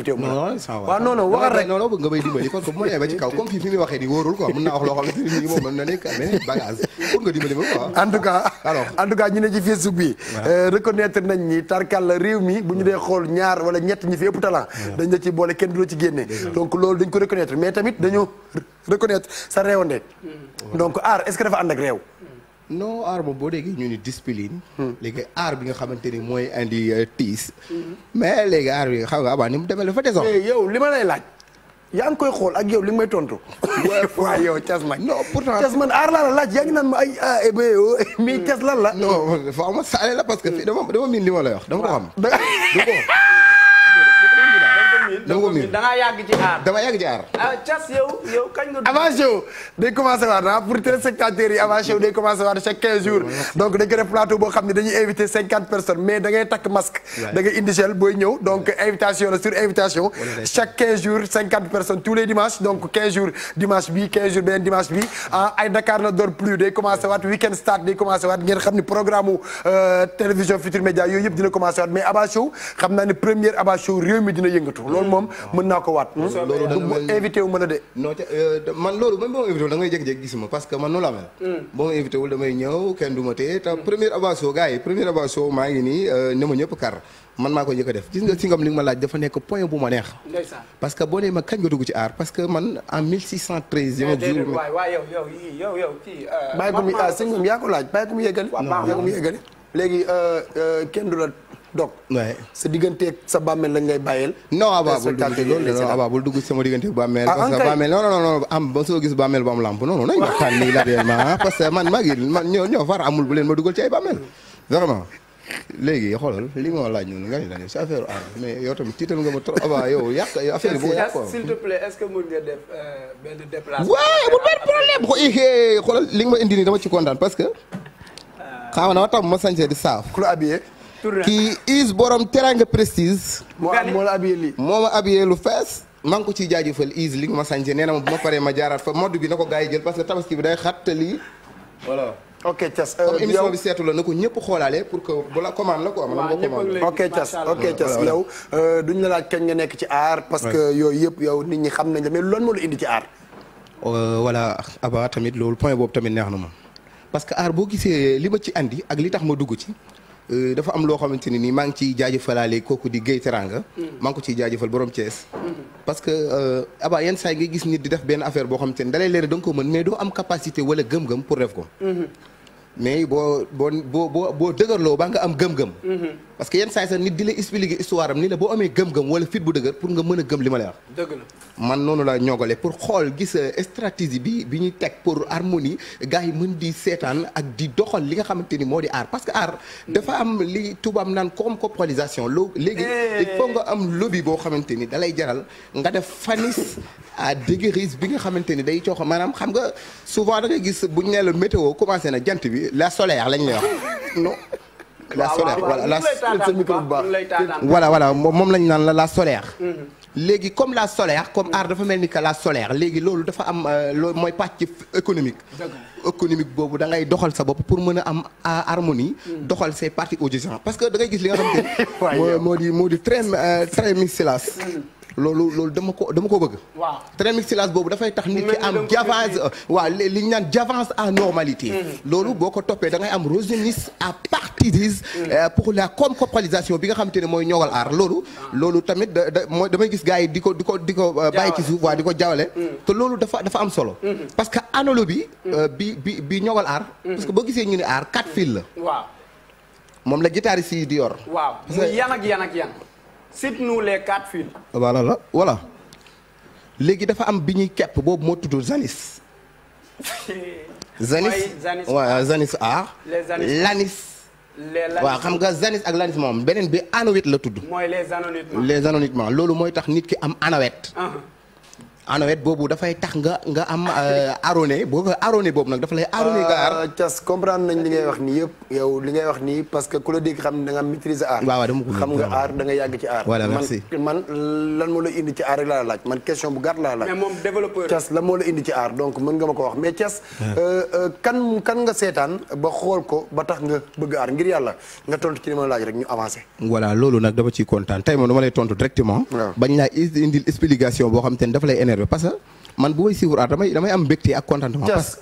non non bëgg nga may dimbali ma fi muy waxee ñu ne ci Facebook bi. Euh, reconnaître nañ ñi tarkal réew mi bu ñu dee xool ñaar wala ñett ñi fi ëpp dañ la ci boole kenn du la ci génne donc loolu ko reconnaître mais tamit dañoo reconnaître sa réewande donc aar est-ce que dafa ànd ak réew non aar boobu boo déggee ñu ni discipline hmm. léegi aar bi nga xamante ni mooy indi euh, tiis mais léegi aar bi nga xam nga avant ni mu demee dafa desoon eh, yow li ma lay laaj yaa ngi li nga may tontu. waaw yow Thiès man. non pourtant Thiès laa la laaj yaa ngi naan ma ay ah eh, oh, eh, mais Thiès la. non faaw ma saale la parce que. dama miin li ma lay ko xam. mille dama ko miin da ngaa yàgg ci aar. pour téléspectateurs yi avant show day commencé waat chaque 15 jours donc dañ ko plateau boo xam ne dañuy invité personnes mais da takk masque. da ngay booy ñëw donc invitation sur invitation. chaque 15 jours personnes tous les dimanches donc 15 jours dimanche bi 15 jours beneen dimanche bi ah, ay Dakar na door plus day commencé waat weekend start day commencé waat ngeen xam loolu moom ah. mën naa ko waat loolu euh, la euh, man loolu man boo invité wul da ngay gis ma parce que man noonu la mel hmm. boo invité damay ñëw kenn du ma téye te première avance o gars yi première avance maa ngi nii euh, ne ñëpp kar man maa ko njëkk a def gis nga si ngam li nga ma laaj dafa nekk point bu ma neex parce que boo nee ma kañ nga dugg ci aar parce que man en 1613 yow yow yow kii bàyyi ko mu ah, si yaa ko laaj bàyyi ko mu yeggali léegi kenn du la donc sa digganteeg sa bàmmeel lañ lay bàyyeel non abaabul dugg loolu non abaabul dugg sama digganteeg bàmmeel ah, parce que bàmmeel non non non am ba soo gis bàmmeel bu am lamp non non nañ waxtaan nii la ah, parce que man maa man ñoo ñoo far amul bu leen ma dugal ci ay bàmmeel vraiment léegi xoolal li ma laaj noonu nga ne la ne si affaire ah mais yow tamit tiital nga ma trop avant yow yàq affaire bu yàq quoi. s'il te plaît est-ce que mën nga def euh, eh, eh, ci kontaan parce que. Euh. xaaral ma tam ma sañse di saaf. ku la habillé. kii is borom teranga prestige. moo moo la abiyee lii moo ma abiyee lu fees. maa ngi ko ciy jaajëfal is li ma sañse nee na ma bu ma paree ma jaaraat fa modd bi na ko gaa yi jël parce que tabaski bi day xat lii voilà. ok Thiass euh, bi seetu na ko ñëpp xoolaale pour que bu la commande la quoi. waaw a ok Thiass euh, la laaj kañ nga nekk ci aar. parce que yooyu yëpp yow nit ñi xam nañ la mais lan moo indi ci aar. Euh, voilà Aba tamit loolu point boobu tamit neex na ma parce que aar boo gisee li ma ci andi ak li tax ma dugg ci. Euh, dafa am loo xamante ni nii maa ngi ciy jaajëfalaale kooku di Guèye Teranga. Mm-hmm. maa ngi ko ciy jaajëfal borom Thiès. Mm-hmm. parce que euh, aba yenn saa yi ngay gis nit di def benn affaire boo xamante ni dalay leer danga nga ko mën mais doo am capacité wala gëm-gëm pour def ko. Mm-hmm. mais boo boo boo boo dëgërloo baa nga am gëm-gëm. parce que yenn saa yi sax nit di la expliquer histoire am ni la boo amee gëm-gëm wala fit bu dëgër pour nga mën a gëm li ma lay la man noonu laa ñoogale pour xool gis euh, stratégie bi bi ñuy teg pour harmonie gars yi mën di seetaan ak di doxal li nga xamante ni moo di aar parce que aar. dafa am li tubaab naan comme corporisation loo léegi eh. il faut nga am lobby boo xamante ni dalay jaral nga def fanis à dégéris bi nga xamante ni day coox maanaam xam nga souvent da nga gis bu ñu nee la météo commencé na jant bi la solaire lañ lay wax non. la solaire voilà la voilà voilà moom lañ naan la la solaire. Mm-hmm. léegi comme la solaire comme mm-hmm. art dafa mel ni que la solaire léegi loolu dafa am euh, loolu mooy pàcc économique. économique boobu da ngay doxal sa bopp pour mën a am harmonie. Mm-hmm. doxal ses parties au parce que da ngay gis li nga xam te moo di moo di très euh, très loolu loolu dama ko dama ko bëgg. waaw trémixilage boobu dafay tax nit ki am javance waaw li ñu naan javance à normalité. Mm-hmm. loolu boo ko toppee da ngay am résonance à partidise mm. euh, pour la comporalisation bi nga xamante ne mooy ñogal aar loolu. Ah. loolu tamit da mooy damay gis gars yi di ko di ko di ko euh, bàyyi ci suuf waaw di ko jaawale. Mm. Mm. te loolu dafa dafa am solo. Mm-hmm. parce que analogie bi euh, bi bi ñogal aar. Mm-hmm. parce que boo gisee ñu ne aar quatre fils la. waaw moom la guitariste yi di yor. waaw muy yan ak yan yan. cite-nous les quatre films. la voilà léegi dafa am bi ñuy kepp boobu moo tudd Zanis. Zanis waa Zanis A. les Lanis. waaw xam nga Zanis ak Lanis moom beneen bi anawet la tudd. mooy les anonymes les anonymes loolu mooy tax nit ki am anawet. anoet boobu dafay tax nga nga am euh, aroné boobu aroné boobu nag dafa lay aroné nga euh, aar Thiass comprendre nañ li ngay wax nii yëpp yow li ngay wax nii parce que ku la dégg xam ne da nga maîtriser aar waaw dama ko xam nga aar da nga yàgg ci aar man lan moo indi ci aar bu gàtt laa laaj moom développeur Thiass lan moo la indi ci aar donc mën nga ma ko wax mais Thiass euh, kan kan nga seetaan ba xool ko ba tax nga bëgg aar ngir yàlla nga tontu ci li ma laaj rek ñu avancé voilà loolu nag dama ciy kontaan tey moom dama lay tontu directement bañ laa indil explication boo xam te ne dafa lay énervé parce que man bu may suivre am mbégte ak contentement. parce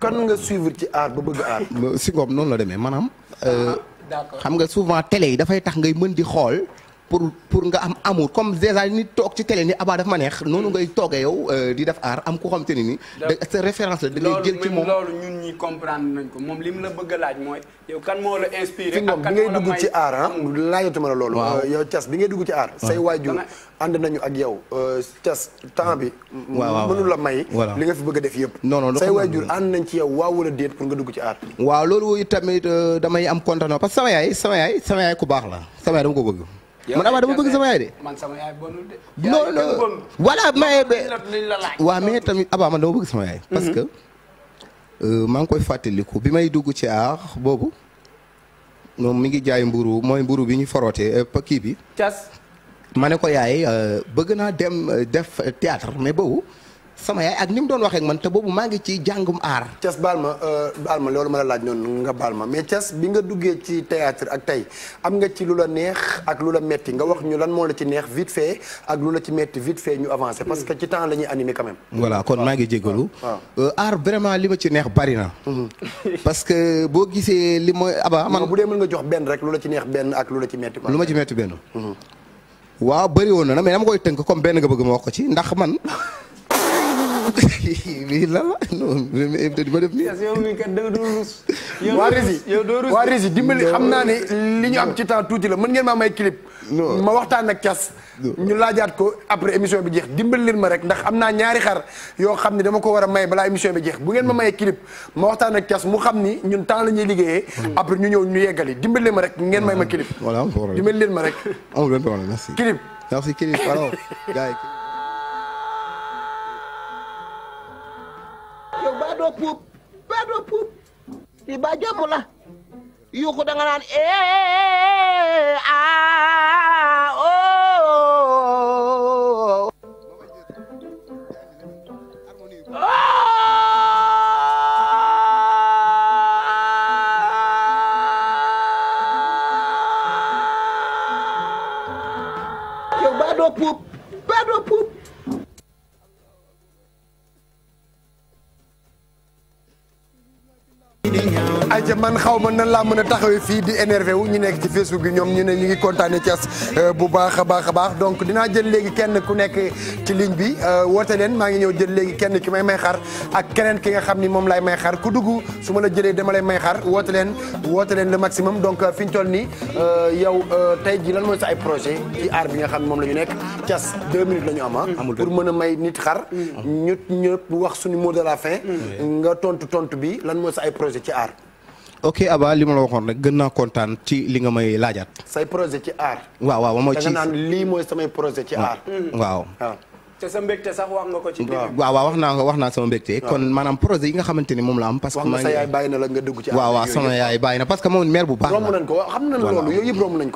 kan nga suivre ci art ba bëgg art. si ngoom noonu la demee maanaam. Euh, ah, d'accord xam nga souvent télé yi dafay tax ngay mën di xool. pour pour nga am amour comme déjà ni toog ci télé ni abaa dafa ma neex noonu ngay toogee yow euh, di def aar am ko xam te ni ni sa référence la da ngay jël ci moom loolu ñun ñi comprendre ko moom li mu la bëgg a laaj mooy yow kan moo la inspiré ak kan bi ngay dugg ci aar ah ma la loolu euh, yow Thiass bi ngay dugg ci aar say waajur ànd nañu ak yow cas euh, temps bi mënu la may li nga fi bëgg def yëpp non non say waajur ànd nañ ci yow waaw wala déet pour nga dugg ci aar waaw loolu tamit damay am kontaan parce que sama yaay sama yaay sama ku baax la sama yaay dama man Abba dama bëgg sama yaay de. man sama yaay bonul de. non tamit Abba man dama bëgg sama yaay. parce mhm. que euh, maa ngi koy fàttaliku bi may dugg ci aar boobu moom mi ngi jaay mburu mooy mburu bi ñu foroote euh, kii bi. cas ma ne ko yaay euh, bëgg naa dem def théâtre mais boobu. sama yaay ak ni mu doon waxee ak man te boobu maa ngi ci jàngum aar. Thiès baal ma euh, baal ma loolu ma la laaj noonu nga baal ma mais Thiès bi nga duggee ci théâtre ak tey am nga ci lu la neex ak lu la metti nga wax ñu lan moo la ci neex vite fait ak lu la ci metti vite fait ñu avancé parce que ci temps la ñuy animé quand même. voilà kon maa ngi euh, li ma ci neex bari na. Mhm. parce que boo gisee li ma aba ah man bu dee mën nga jox benn rek lu la ci neex benn ak lu la ci metti. lu ma ci metti benn. Mhm. waaw bëri woon na mais dama koy tënk comme benn nga bëgg ma wax ko ci ndax man. lii la non invité di ma def nii. yow mii waa Rési yow xam naa ne li ñu am ci temps tuuti la mën ngeen maa may clip. ma waxtaan ak Cas. ñu laajaat ko après émission bi jeex dimbali leen ma rek ndax am naa ñaari xar yoo xam ne dama ko war a may balaa émission bi jeex bu ngeen ma mayee clip ma waxtaan ak Cas mu xam ni ñun temps la ñu liggéeyee. Mm. après ñu ñëw ñu yeggali dimbali leen ma rek ngeen may ma mm. clip. voilà am ma rek. amul benn problème merci. clip merci clip alors gars yi. doo puub baa doo puub lii baa jàmm la yuuxu da nga naan ee aa oo ayca man xaw ma nan laa mën a taxawee fii di énervé wu ñu nekk ci Facebook bi ñoom ñu ne ñu ngi kontaane Thiès euh, bu baax a baax a baax donc dinaa jël léegi kenn ku nekk ci ligne bi euh, woote leen maa ngi ñëw jël léegi kenn ki may may xar ak keneen ki nga xam ni moom lay may xar ku dugg su ma la jëlee dama lay may xar woote leen woote leen le maximum donc euh, fi ñu toll nii yow tey ji lan mooy sa ay projet ci aar bi nga xam ne moom la ñu nekk Thiès deux minutes la ñu am ah pour mën a may nit xar mm. ñut ñëpp wax suñu mot de la fin mm. nga tontu tontu bi lan mooy sa ay projet ci aar ok Aba li ma la waxoon rek gën naa kontaan ci li nga may laajaat. say projet ci aar. waaw waaw mooy ci da lii mooy samay projet ci aar. waaw hmm. sa sax wax ko ci. wax naa ko wax naa sama mbégte. kon maanaam projet yi nga xamante ni moom la am. parce que ma sa yaay na la nga dugg ci. waaw waaw sama yaay bàyyi na parce que moom maire bu baax la. romb nañ ko xam nañ loolu yooyu yëpp romb nañ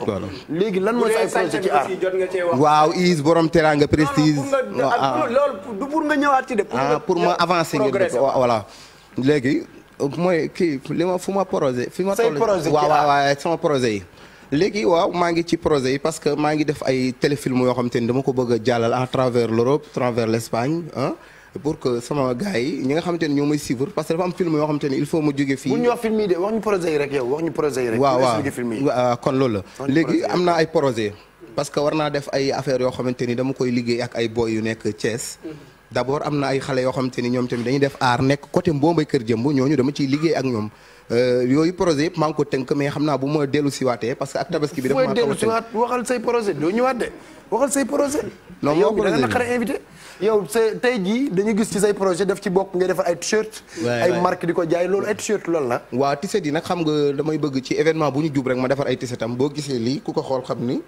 waaw is borom teranga prestige. loolu du pour nga ñëwaat ci de. pour ah, ma avancer ngeen voilà léegi. mooy kii ma fu ma projet fi ma toll waaw waaw sama projet yi léegi waaw maa ngi ci projet yi parce que maa ngi def ay téléfilm yoo xam te ni dama ko bëgg a jàllal à travers l'Europe travers l'Espagne ah pour que sama gars yi ñi nga xamante ne ñoo may suivre parce que dafa am film yoo xamante ne il faut mu jóge fii. bu ñu wax film yi de wax ñu projet yi kon lool la. léegi am naa ay projet parce que war naa def ay affaires yoo xamante ni dama koy liggéey ak ay boy yu nekk Thiès. Mm-hmm. d' abord am na ay xale yoo xamante ni ñoom tamit dañuy def aar nekk côté Mbombay Kër Jëmb ñooñu dama ciy liggéey ak ñoom euh, yooyu projet yëpp maa ko tënk mais xam na bu ma dellu siwaatee parce que ak tabaski bi. dafa maa dellu siwaat waxal say projet doo ñëwaat de waxal say projet. non yow sa tey jii dañu gis ci say projet daf ci bokk ngay defar ay t-shirt. ay marque di ko jaay loolu t-shirt loolu la. waaw t yi nag xam nga damay bëgg ci événement bu ñu jub rek ma defar ay t am boo gisee lii ku ko xool xam ni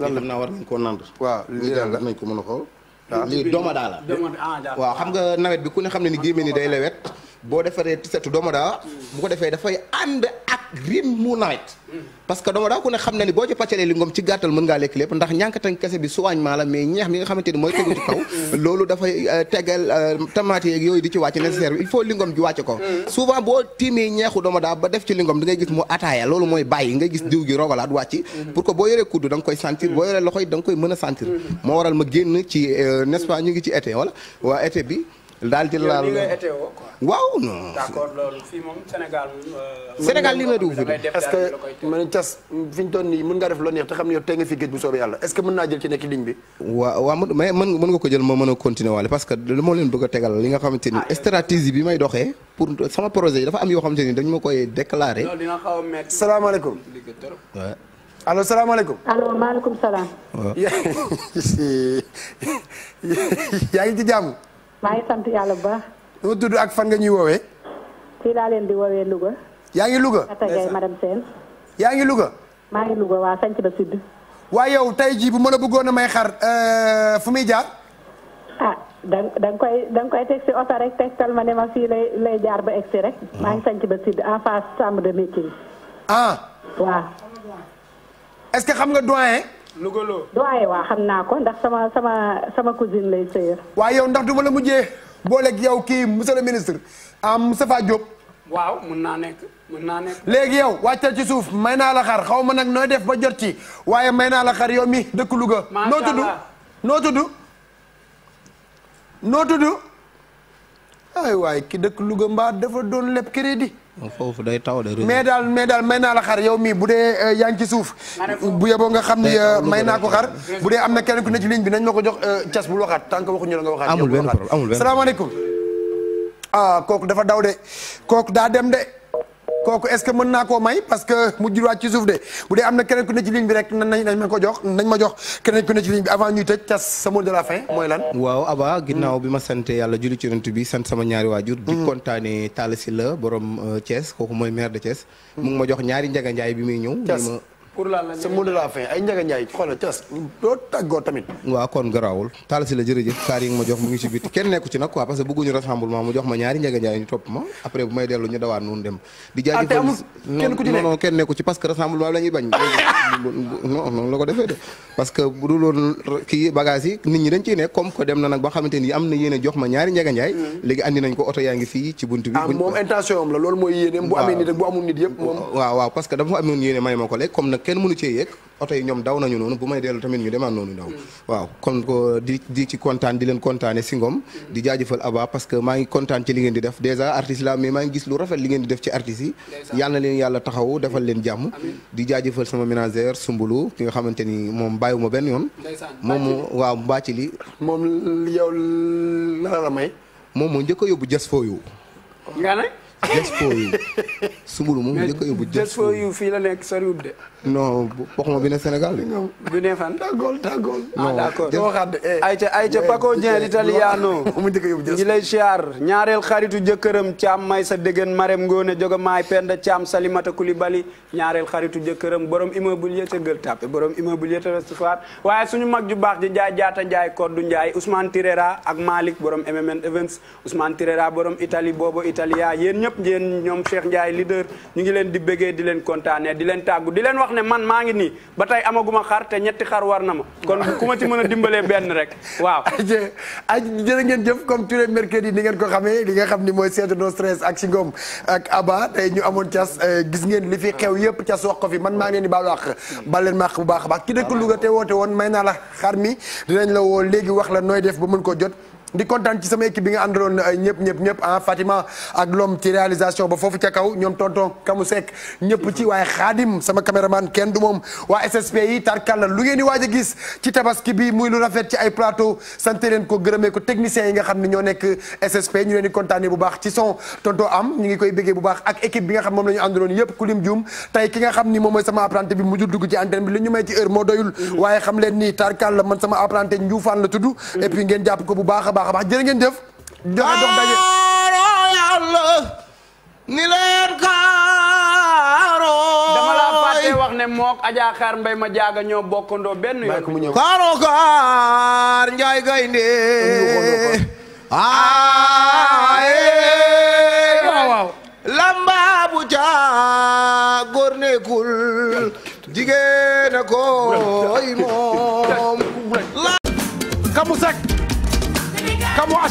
lan la naa war nañ koo nand waaw lii daal war nañ ko mën a xool lii doomadaa la ah, waaw xam nga nawet bi ku ne xam ne ni gémmiñ ni day lewet boo defaree dooma doomadaa bu ko defee dafay ànd rim mu nawet parce que doomu daa ko ne xam na ni boo ci pàccalee li ngom ci gàttal mën ngaa lekk lépp ndax ñànkatan kese bi soignement la mais ñeex mi nga xamante ni mooy tegu ci kaw mm. loolu dafay euh, tegal euh, tamaate yooyu di ci wàcc nécessaire bi il faut li ngom ji wàcc ko mm. souvent boo tiimee ñeexu doomu daa ba def ci li ngom da ngay gis mu ataaya loolu mooy bàyyi nga gis diw gi rogalaat wàcc mm-hmm. pour que boo yoree kudd da koy sentir mm. boo yoree loxoy da nga koy a sentir mm-hmm. moo waral ma génn ci euh, nest ñu ngi ci été wala waa été bi daal di laal waaw non. d'accord loolu fii moom Sénégal. Euh, Sénégal li may dugg fi est-ce que man Thiass fi ñu toll nii mën def loo neex te xam ne yow tey nga fi géej bu soobee yàlla est-ce que mën naa jël ci nekk ligne bi. waaw waaw mais mën mën nga ko a continuer waale parce que li ma leen bëgg a tegal li nga xamante ni ah, stratégie bi may doxee pour sama projet yi dafa am yoo xamante ni dañ ma koy déclarer. loolu dina xaw a métti. yaa ngi ci jàmm. maa ngi sant yàlla bu baax. noo tudd ak fan nga ñuy woowee. fii laa leen di woowee Louga. yaa ngi Louga. Katagay madame Sène. yaa ngi Louga. maa ngi Louga waa Sànc ba Sud. waa yow tey jii bu ma la bëggoon a may xar euh, fu muy jaar. ah da da koy da koy teg si oto rek tegtal ma ne ma fii lay lay jaar ba egsi rek. Mm-hmm. maa ngi Sànc ba Sud en face chambre de métier. ah. waaw. xam nga doyen. Lougaloo doyen waa xam naa ko ndax sama sama sama lay sëyër waaye yow ndax du ma la mujjee booleeg yow kii monsieur le ministre am Moustapha Diop waaw mun naa nekk mun naa nekk léegi yow wàccal ci suuf may naa la xar xaw ma nag nooy def ba jot ci waaye may naa la xar yow mi dëkk Louga noo tudd noo tudd noo ay waay ki dëkk Louga mbaa defa doon leb crédit foofu day taw de. mais daal mais daal may naa la xar yow mii bu dee euh, yaa ngi ci suuf. bu yeboo nga xam euh, may naa ko xar. bu dee am na kenn ku ne ci ligne bi nañ ma ko jox euh, cas bul waxaat tant que waxuñu la nga waxaat. amul benn problème amul benn salaamaaleykum. ah kooku dafa daw de kooku daa dem de. kooku est-ce que mën naa koo may parce que mu waa ci suuf de bu dee am na keneen ku ne ci ligne bi rek nañ ma ko jox nañ ma jox keneen ku ne ci ligne bi avant ñuy tëj tas sa mot de fin mooy lan waaw Aba ginnaaw bi ma sante yàlla julli ci yonent bi sant sama ñaari waajur di mm. kontaane Talla Sylla borom euh, Thiès kooku mooy maire de Thiès mu ngi ma jox ñaari njaganjaay bi muy ñëw pour la la mot de la fin ay njaga njaay nag quoi parce que yi am na yéene jox ma ñaari njaga ah, mm-hmm. léegi andi nañ ko oto yaa ngi fii ci bunt bi ah, moom intention am la loolu mooy yéeneem bu amee nit ak bu amul nit yëpp moom waaw waaw parce que dafa amoon yéene may ko léegi kenn mënu cee yéeg oto ñoom daw nañu noonu bu may dellu tamit ñu demaan noonu daw hmm. waaw kon ko di di ci kontaan di leen kontaane si ngom di jaajëfal Aba parce que maa ngi kontaan ci li ngeen di def dèjà artiste la mais maa ngi gis lu rafet li ngeen di def ci artistes yi yàlla na leen yàlla taxaw defal leen jàmm di jaajëfal sama ménagère Sumbulu ki nga xamante ni moom bàyyiwuma benn yoon moom waaw mbàcc li moom yow la la may moom moo njëkk a yóbbu jas foo yu Sumbulu moom non waxuma bi ne Sénégal de. bi ne fan. tàggool tàggool. ah d'accord non waxaat de. Eh. ayca ayca Paco Dieng l'italiano. mu njëkk yóbbu jës ñi lay siyaar ñaareel xaritu jëkkëram Thiam may sa déggan Marème Ngone Joga maay Penda Thiam Salimata Koulibaly ñaareel xaritu jëkkëram borom immobilier te Gueule Tapée borom immobilier te Ouest Foire waaye suñu mag ju baax ji jaay jaata Ndiaye Koddu Ndiaye Ousmane Tirera ak Malick borom MMN Events Ousmane Tirera borom Italie boobu Italia yéen ñëpp yéen ñoom Cheikh Ndiaye leader ñu ngi leen di bëggee di leen kontaanee di leen tàggu di leen wax ne man maa ngi nii ba tey amaguma xar te ñetti xar war na ma kon ku ma ci mën a dimbalee benn rek waaw ay jërë ngeen jëf comme tous les mercredis ni ngeen ko xamee li nga xam ni mooy seetu no stress ak si ngoom ak Aba tey ñu amoon cas euh, gis ngeen li fi xew yëpp cas wax ko fi man maa ngi leen di baal wax baal leen maax bu baax a baax ki dëkk Louga te woote woon may naa la xar mi dinañ la woo léegi wax la nooy def ba mën koo jot di kontaan ci sama équipe bi nga àndaloon euh, ñëpp ñëpp ñëpp ah Fatima ak l'homme ci réalisation ba foofu ca kaw ñoom tonton Kamu Seck ñëpp ci waaye Xaadim sama caméraman kenn du moom waa SSP yi tarkalla lu ngeen di waaj a gis ci tabaski bi muy lu rafet ci ay plateau sant leen ko gërëmee ko techniciens yi nga xam ne ñoo nekk SSP ñu leen di bu baax ci son tonton am ñu ngi koy béggee bu baax ak équipe bi nga xam moom la ñu àndaloon yëpp ku lim juum tey ki nga xam ni moom mooy sama apprenti bi mujjul dugg mhm. leen ni tarkalla man sama apprenti ko bu baax a baax a baax jërë ngeen jëf. joxe dox daje ni leen kaaro la fàtte wax ne mook Adja Xaar Mbay ma jaaga ñoo bokkandoo benn yoon. kaaro kaar njaay gaynde waaw lamba bu ca góor nekkul jigéen a koy kamu sek كم